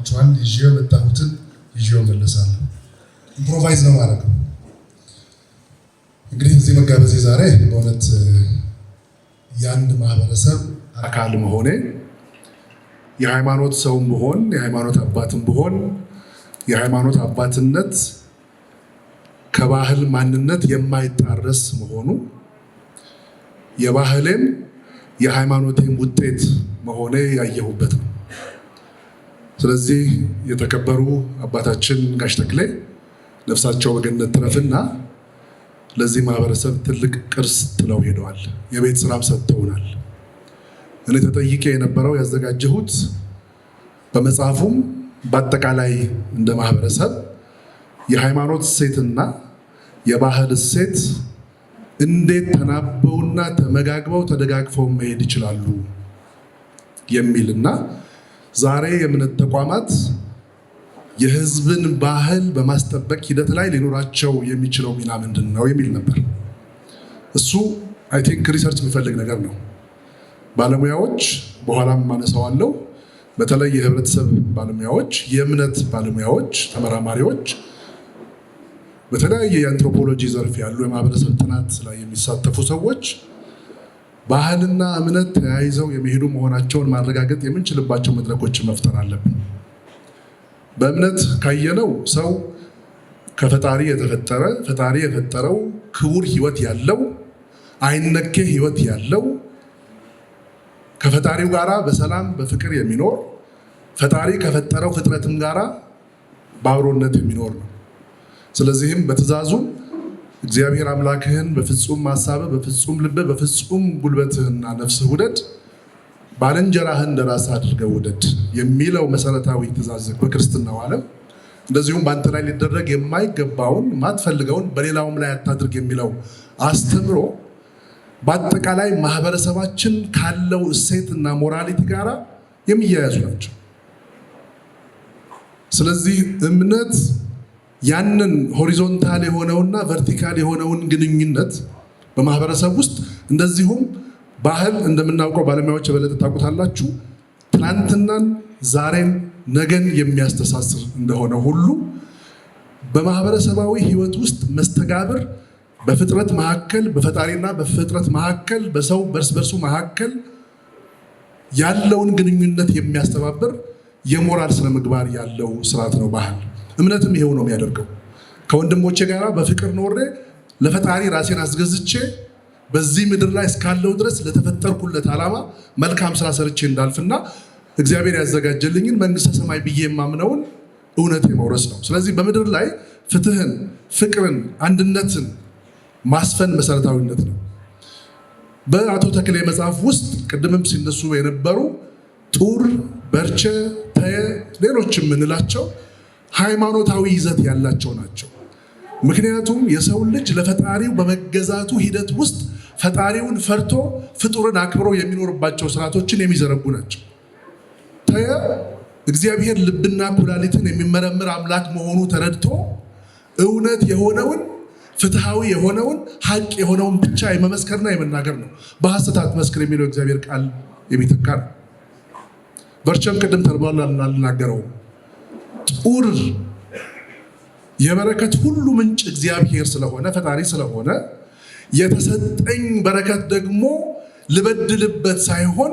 ይገባቸዋል። ይዤ የመጣሁትን ይዤ መለሳለሁ። ኢምፕሮቫይዝ ነው ማለት ነው። እንግዲህ እዚህ መጋበዜ ዛሬ በእውነት የአንድ ማህበረሰብ አካል መሆኔ የሃይማኖት ሰውም ብሆን የሃይማኖት አባትም ብሆን የሃይማኖት አባትነት ከባህል ማንነት የማይታረስ መሆኑ የባህሌም የሃይማኖቴም ውጤት መሆኔ ያየሁበት ነው። ስለዚህ የተከበሩ አባታችን ጋሽ ተክሌ ነፍሳቸው በገነት ትረፍና ለዚህ ማህበረሰብ ትልቅ ቅርስ ጥለው ሄደዋል። የቤት ስራም ሰጥተውናል። እኔ ተጠይቄ የነበረው ያዘጋጀሁት በመጽሐፉም በአጠቃላይ እንደ ማህበረሰብ የሃይማኖት እሴትና የባህል እሴት እንዴት ተናበውና ተመጋግበው ተደጋግፈው መሄድ ይችላሉ የሚልና ዛሬ የእምነት ተቋማት የህዝብን ባህል በማስጠበቅ ሂደት ላይ ሊኖራቸው የሚችለው ሚና ምንድን ነው የሚል ነበር። እሱ አይ ቲንክ ሪሰርች የሚፈልግ ነገር ነው። ባለሙያዎች በኋላም ማነሳዋለው። በተለይ የህብረተሰብ ባለሙያዎች፣ የእምነት ባለሙያዎች፣ ተመራማሪዎች በተለያየ የአንትሮፖሎጂ ዘርፍ ያሉ የማህበረሰብ ጥናት ላይ የሚሳተፉ ሰዎች ባህልና እምነት ተያይዘው የሚሄዱ መሆናቸውን ማረጋገጥ የምንችልባቸው መድረኮችን መፍጠር አለብን። በእምነት ካየነው ሰው ከፈጣሪ የተፈጠረ ፈጣሪ የፈጠረው ክቡር ህይወት ያለው አይነኬ ህይወት ያለው ከፈጣሪው ጋራ በሰላም በፍቅር የሚኖር ፈጣሪ ከፈጠረው ፍጥረትም ጋራ በአብሮነት የሚኖር ነው። ስለዚህም በትእዛዙ እግዚአብሔር አምላክህን በፍጹም ማሳበ በፍጹም ልበ በፍጹም ጉልበትህና ነፍስህ ውደድ፣ ባልንጀራህን እንደራስህ አድርገህ ውደድ የሚለው መሰረታዊ ትእዛዝ በክርስትናው ዓለም እንደዚሁም በአንተ ላይ ሊደረግ የማይገባውን ማትፈልገውን በሌላውም ላይ አታድርግ የሚለው አስተምሮ በአጠቃላይ ማህበረሰባችን ካለው እሴትና ሞራሊቲ ጋር የሚያያዙ ናቸው። ስለዚህ እምነት ያንን ሆሪዞንታል የሆነውና ቨርቲካል የሆነውን ግንኙነት በማህበረሰብ ውስጥ እንደዚሁም ባህል እንደምናውቀው ባለሙያዎች የበለጠ ታውቁታላችሁ፣ ትናንትናን፣ ዛሬን፣ ነገን የሚያስተሳስር እንደሆነ ሁሉ በማህበረሰባዊ ህይወት ውስጥ መስተጋብር በፍጥረት መካከል በፈጣሪና በፍጥረት መካከል በሰው በርስ በርሱ መካከል ያለውን ግንኙነት የሚያስተባብር የሞራል ስነምግባር ያለው ስርዓት ነው ባህል። እምነትም ይሄው ነው የሚያደርገው። ከወንድሞቼ ጋር በፍቅር ኖሬ ለፈጣሪ ራሴን አስገዝቼ በዚህ ምድር ላይ እስካለው ድረስ ለተፈጠርኩለት ዓላማ መልካም ስራ ሰርቼ እንዳልፍና እግዚአብሔር ያዘጋጀልኝን መንግስተ ሰማይ ብዬ የማምነውን እውነት የመውረስ ነው። ስለዚህ በምድር ላይ ፍትህን፣ ፍቅርን፣ አንድነትን ማስፈን መሰረታዊነት ነው። በአቶ ተክሌ መጽሐፍ ውስጥ ቅድምም ሲነሱ የነበሩ ጡር፣ በርቸ፣ ተየ ሌሎች የምንላቸው ሃይማኖታዊ ይዘት ያላቸው ናቸው። ምክንያቱም የሰው ልጅ ለፈጣሪው በመገዛቱ ሂደት ውስጥ ፈጣሪውን ፈርቶ ፍጡርን አክብሮ የሚኖርባቸው ስርዓቶችን የሚዘረጉ ናቸው። ተየ እግዚአብሔር ልብና ኩላሊትን የሚመረምር አምላክ መሆኑ ተረድቶ እውነት የሆነውን ፍትሐዊ የሆነውን ሀቅ የሆነውን ብቻ የመመስከርና የመናገር ነው። በሐሰት አትመስክር የሚለው እግዚአብሔር ቃል የሚተካ ነው። በርቸም ቅድም ተርባላ ልናገረው ጡር የበረከት ሁሉ ምንጭ እግዚአብሔር ስለሆነ ፈጣሪ ስለሆነ የተሰጠኝ በረከት ደግሞ ልበድልበት ሳይሆን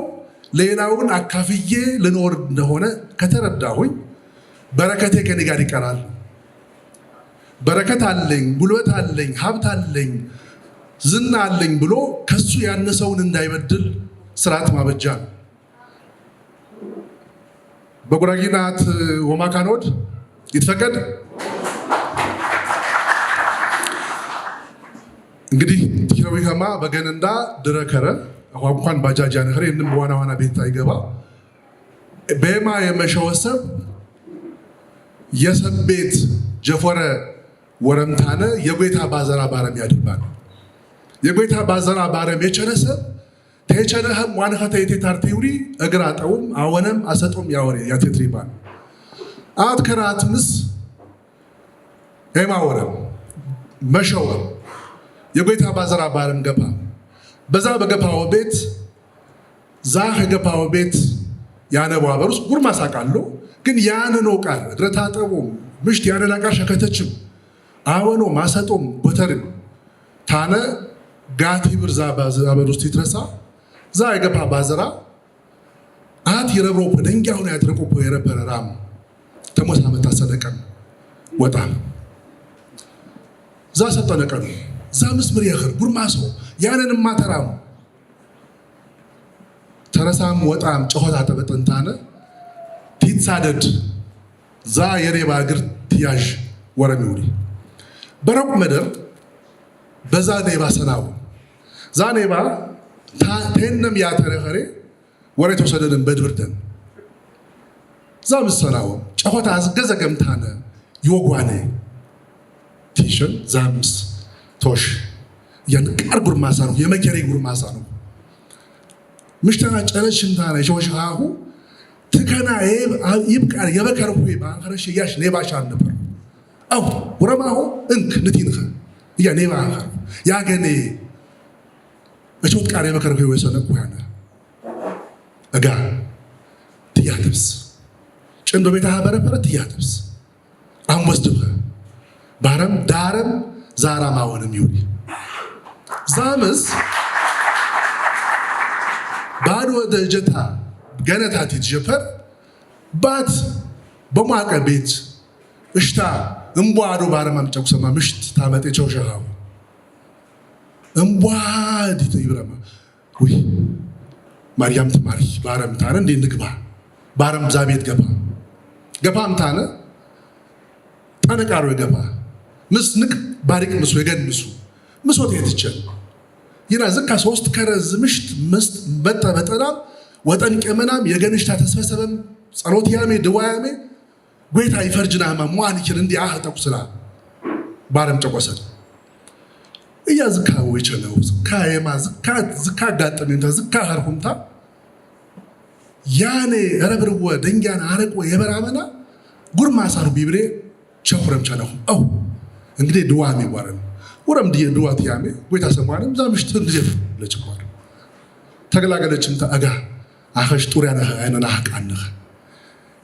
ሌላውን አካፍዬ ልኖር እንደሆነ ከተረዳሁኝ በረከቴ ከኔ ጋር ይቀራል። በረከት አለኝ፣ ጉልበት አለኝ፣ ሀብት አለኝ፣ ዝና አለኝ ብሎ ከሱ ያነሰውን እንዳይበድል ስርዓት ማበጃ ነው። በጉራጌ ናት ወማካኖድ ይትፈቀድ። እንግዲህ ትኪረዊ ከማ በገንንዳ ድረከረ እንኳን ባጃጃ ነኸረ ይንም ዋና ዋና ቤት አይገባ በማ የመሸወሰብ የሰብ ቤት ጀፎረ ወረምታነ የጎይታ ባዘራ ባረም ያድርባል የጎይታ ባዘራ ባረም የቸረሰብ ተቸነህም ዋንኸተ የቴታር ቲውሪ እግር አጠውም አወነም አሰጦም ያወሬ ያቴትሪባል አት ከራት ምስ የማወረም መሸወም የጎይታ ባዘራ ባረም ገባ በዛ በገባው ቤት ዛ ከገባው ቤት ያነባ በሩስ ጉርማሳ ቃሎ ግን ያንኖ ቃል እግረታ ምሽት ያነላ ሸከተችም አወኖ ማሰጦም ቦተርም ታነ ጋቲ ብርዛ ዛ ባዘራ በሩስ ይትረሳ ዛሬ ባዝራ አት የረብሮፖ ደንጊያውን ያድረቆፖ የረበረ ራም ተሞሳ መታ ሰነቀም ወጣ ዛ ሰጠነቀም ዛ ምስምር የኽር ጉርማሶ ያነን ማተራም ተረሳም ወጣም ጨሆታ ተበጥንታነ ቲትሳደድ ዛ የሬባ እግር ትያዥ ይውሪ በረቁ መደር በዛ ኔባ ሰናው ዛ ኔባ ተንም ያተረኸሬ ወሬ ተወሰደደን በድብርደን ዛ ምሰናወም ጨኾታ ዝገዘገምታነ ይወጓነ ቲሸን ዛምስ ቶሽ የንቃር ጉርማሳ ነው የመኬሬ ጉርማሳ ነው ምሽተና ጨረሽ ምታና የሸወሽሃሁ ትከና ይብቃር የበከር ሁ በአንከረሽ እያሽ ኔባሻ ነበር አው ጉረማሁ እንክ ንቲንኸ እያ ኔባ አንከር ያገኔ በቾት ቃሬ መከረኩ የወሰነኩ ያነ እጋ ትያትብስ ጭንዶ ቤታ ሀበረፈረ ትያትብስ አንወስድበ ባረም ዳረም ዛራ ማወንም ይሁን ዛምስ ባድ ወደ እጀታ ገነታ ይጀፈር ባት በማቀ ቤት እሽታ እምቧዶ ባረም አምጨቁሰማ ምሽት ታመጤቸው ሸሃው እምቧ ዲተ ይብረማ ወይ ማርያም ትማርሽ ባረም ታነ እንዴ ንግባ ባረም ዛ ቤት ገባ ገባም ታነ ጠነቃሮ ገባ ምስ ንቅ ባሪቅ ምስ ወገን ምስ ምስወት የትቸል ይና ዝካ ሶስት ከረዝ ምሽት መስት በጣ በጠናም ወጠን ቀመናም የገንሽታ ተስፈሰበም ጸሎት ያሜ ድዋያሜ ጎይታ ይፈርጅና ህማ ሟን ይችል እንዲ አህ ተቁስላ ባረም ጨቆሰት እያዝካው ይችለው ዝካ የማ ዝካ ዝካ ጋጠሚንታ ዝካ ሀርሁምታ ያኔ ረብርወ ደንጊያን አረቅወ የበራመና ጉርማሳር ቢብሬ ቸኩረም ቻነኹ አው እንግዲህ ድዋሜ ይዋረን ወረም ድየ ድዋ ትያሜ ጎይታ ሰማንም ዛምሽት ጊዜ ለጭቋር ተገላገለችም ተአጋ አኸሽ ጡሪያ ነኸ አይነና ሀቃንኸ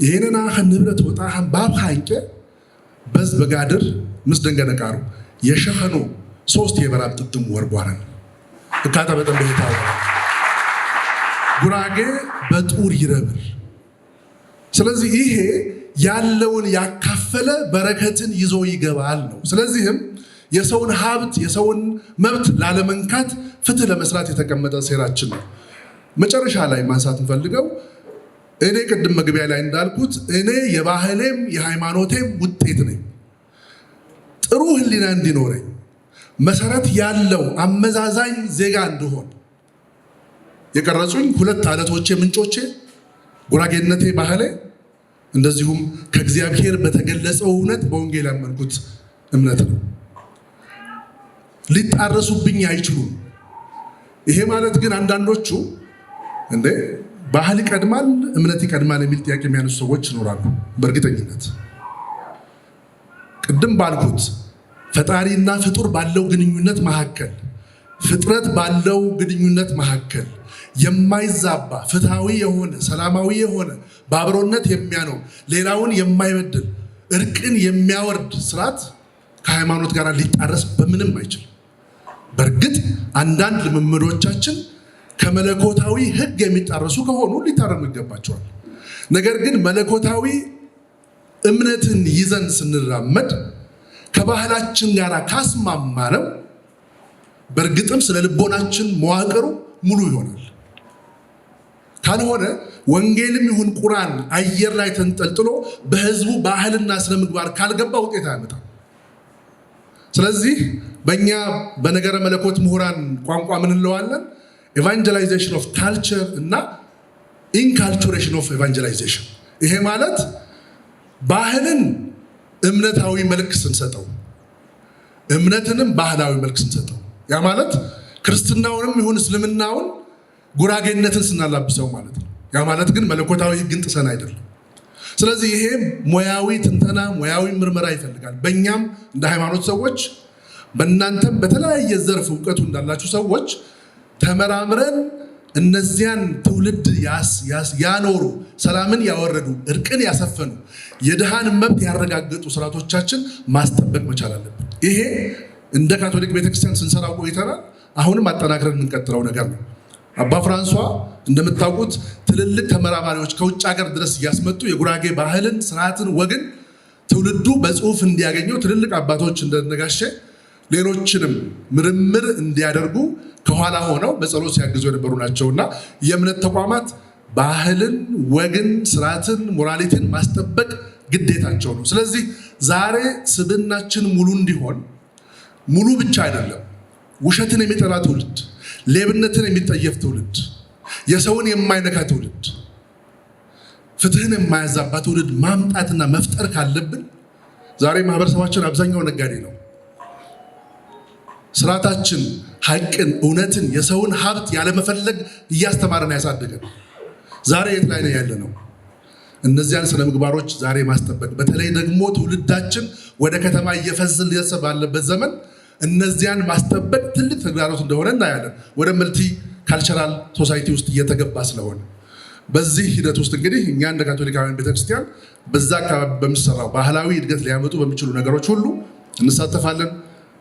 ይህንን አኸ ንብረት ወጣኸን ባብ ሀንቄ በዝ በጋድር ምስ ደንገነቃሩ የሸኸኖ ሶስት የበራብ ጥጥም ወርቧረን እካታ በጣም በይታ ጉራጌ በጡር ይረብር። ስለዚህ ይሄ ያለውን ያካፈለ በረከትን ይዞ ይገባል ነው። ስለዚህም የሰውን ሀብት የሰውን መብት ላለመንካት ፍትህ ለመስራት የተቀመጠ ሴራችን ነው። መጨረሻ ላይ ማንሳት እንፈልገው እኔ ቅድም መግቢያ ላይ እንዳልኩት እኔ የባህሌም የሃይማኖቴም ውጤት ነኝ። ጥሩ ህሊና እንዲኖረኝ መሰረት ያለው አመዛዛኝ ዜጋ እንድሆን የቀረጹኝ ሁለት አለቶቼ ምንጮቼ ጉራጌነቴ ባህሌ፣ እንደዚሁም ከእግዚአብሔር በተገለጸው እውነት በወንጌል ያመንኩት እምነት ነው። ሊጣረሱብኝ አይችሉም። ይሄ ማለት ግን አንዳንዶቹ እንዴ ባህል ይቀድማል እምነት ይቀድማል የሚል ጥያቄ የሚያነሱ ሰዎች ይኖራሉ። በእርግጠኝነት ቅድም ባልኩት ፈጣሪና ፍጡር ባለው ግንኙነት መካከል ፍጥረት ባለው ግንኙነት መካከል የማይዛባ ፍትሐዊ የሆነ ሰላማዊ የሆነ በአብሮነት የሚያኖር ሌላውን የማይበድል እርቅን የሚያወርድ ስርዓት ከሃይማኖት ጋር ሊጣረስ በምንም አይችልም። በእርግጥ አንዳንድ ልምምዶቻችን ከመለኮታዊ ሕግ የሚጣረሱ ከሆኑ ሊታረም ይገባቸዋል። ነገር ግን መለኮታዊ እምነትን ይዘን ስንራመድ ከባህላችን ጋር ካስማማ ነው በእርግጥም ስለ ልቦናችን መዋቅሩ ሙሉ ይሆናል። ካልሆነ ወንጌልም ይሁን ቁራን አየር ላይ ተንጠልጥሎ በህዝቡ ባህልና ስነ ምግባር ካልገባ ውጤት አያመጣም። ስለዚህ በእኛ በነገረ መለኮት ምሁራን ቋንቋ ምን እንለዋለን? ኤቫንጀላይዜሽን ኦፍ ካልቸር እና ኢንካልቹሬሽን ኦፍ ኤቫንጀላይዜሽን። ይሄ ማለት ባህልን እምነታዊ መልክ ስንሰጠው፣ እምነትንም ባህላዊ መልክ ስንሰጠው፣ ያ ማለት ክርስትናውንም ይሁን እስልምናውን ጉራጌነትን ስናላብሰው ማለት ነው። ያ ማለት ግን መለኮታዊ ሕግን ጥሰን አይደለም። ስለዚህ ይሄ ሙያዊ ትንተና፣ ሙያዊ ምርመራ ይፈልጋል። በእኛም እንደ ሃይማኖት ሰዎች በእናንተም በተለያየ ዘርፍ እውቀቱ እንዳላችሁ ሰዎች ተመራምረን እነዚያን ትውልድ ያኖሩ፣ ሰላምን ያወረዱ፣ እርቅን ያሰፈኑ፣ የድሃን መብት ያረጋገጡ ስርዓቶቻችን ማስጠበቅ መቻል አለብን። ይሄ እንደ ካቶሊክ ቤተክርስቲያን ስንሰራ ቆይተናል። አሁንም አጠናክረን የምንቀጥለው ነገር ነው። አባ ፍራንሷ እንደምታውቁት ትልልቅ ተመራማሪዎች ከውጭ ሀገር ድረስ እያስመጡ የጉራጌ ባህልን፣ ስርዓትን፣ ወግን ትውልዱ በጽሁፍ እንዲያገኘው ትልልቅ አባቶች እንደነጋሸ ሌሎችንም ምርምር እንዲያደርጉ ከኋላ ሆነው በጸሎት ሲያግዙ የነበሩ እና የእምነት ተቋማት ባህልን፣ ወግን፣ ስርዓትን፣ ሞራሊቲን ማስጠበቅ ግዴታቸው ነው። ስለዚህ ዛሬ ስብናችን ሙሉ እንዲሆን ሙሉ ብቻ አይደለም፣ ውሸትን የሚጠላ ትውልድ፣ ሌብነትን የሚጠየፍ ትውልድ፣ የሰውን የማይነካ ትውልድ፣ ፍትህን የማያዛባ ትውልድ ማምጣትና መፍጠር ካለብን ዛሬ ማህበረሰባችን አብዛኛው ነጋዴ ነው። ስርዓታችን ሀቅን፣ እውነትን፣ የሰውን ሀብት ያለመፈለግ እያስተማረን ያሳደገን ዛሬ የት ላይ ነው ያለ ነው? እነዚያን ስነ ምግባሮች ዛሬ ማስጠበቅ፣ በተለይ ደግሞ ትውልዳችን ወደ ከተማ ሊደርስ ባለበት ዘመን እነዚያን ማስጠበቅ ትልቅ ተግዳሮት እንደሆነ እናያለን። ወደ መልቲ ካልቸራል ሶሳይቲ ውስጥ እየተገባ ስለሆነ በዚህ ሂደት ውስጥ እንግዲህ እኛ እንደ ካቶሊካውያን ቤተክርስቲያን በዛ አካባቢ በሚሰራው ባህላዊ እድገት ሊያመጡ በሚችሉ ነገሮች ሁሉ እንሳተፋለን።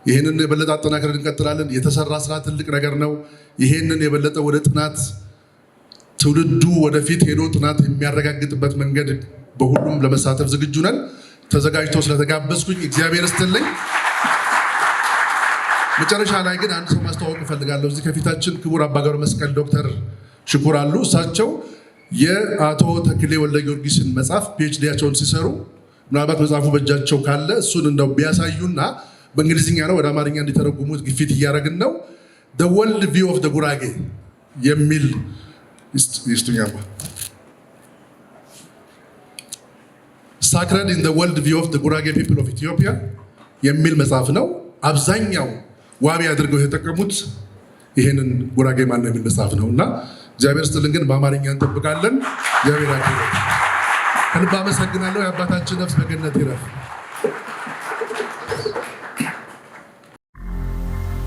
ይህንን የበለጠ አጠናክረን እንቀጥላለን። የተሰራ ስራ ትልቅ ነገር ነው። ይህንን የበለጠ ወደ ጥናት ትውልዱ ወደፊት ሄዶ ጥናት የሚያረጋግጥበት መንገድ በሁሉም ለመሳተፍ ዝግጁ ነን። ተዘጋጅቶ ስለተጋበዝኩኝ እግዚአብሔር ይስጥልኝ። መጨረሻ ላይ ግን አንድ ሰው ማስተዋወቅ እፈልጋለሁ። እዚህ ከፊታችን ክቡር አባገር መስቀል ዶክተር ሽኩር አሉ። እሳቸው የአቶ ተክሌ ወልደ ጊዮርጊስን መጽሐፍ ፒኤችዲያቸውን ሲሰሩ ምናልባት መጽሐፉ በእጃቸው ካለ እሱን እንደው ቢያሳዩና በእንግሊዝኛ ነው ወደ አማርኛ እንዲተረጉሙት ግፊት እያደረግን ነው። ደ ወርልድ ቪው ኦፍ ደ ጉራጌ የሚል ስቱኛ ሳክረድ ኢን ደ ወርልድ ቪው ኦፍ ደ ጉራጌ ፒፕል ኦፍ ኢትዮጵያ የሚል መጽሐፍ ነው። አብዛኛው ዋቢ አድርገው የተጠቀሙት ይህንን ጉራጌ ማነው የሚል መጽሐፍ ነው እና እግዚአብሔር ስጥልን ግን በአማርኛ እንጠብቃለን። እግዚአብሔር አክብር። ከልብ አመሰግናለሁ። የአባታችን ነፍስ በገነት ይረፍ።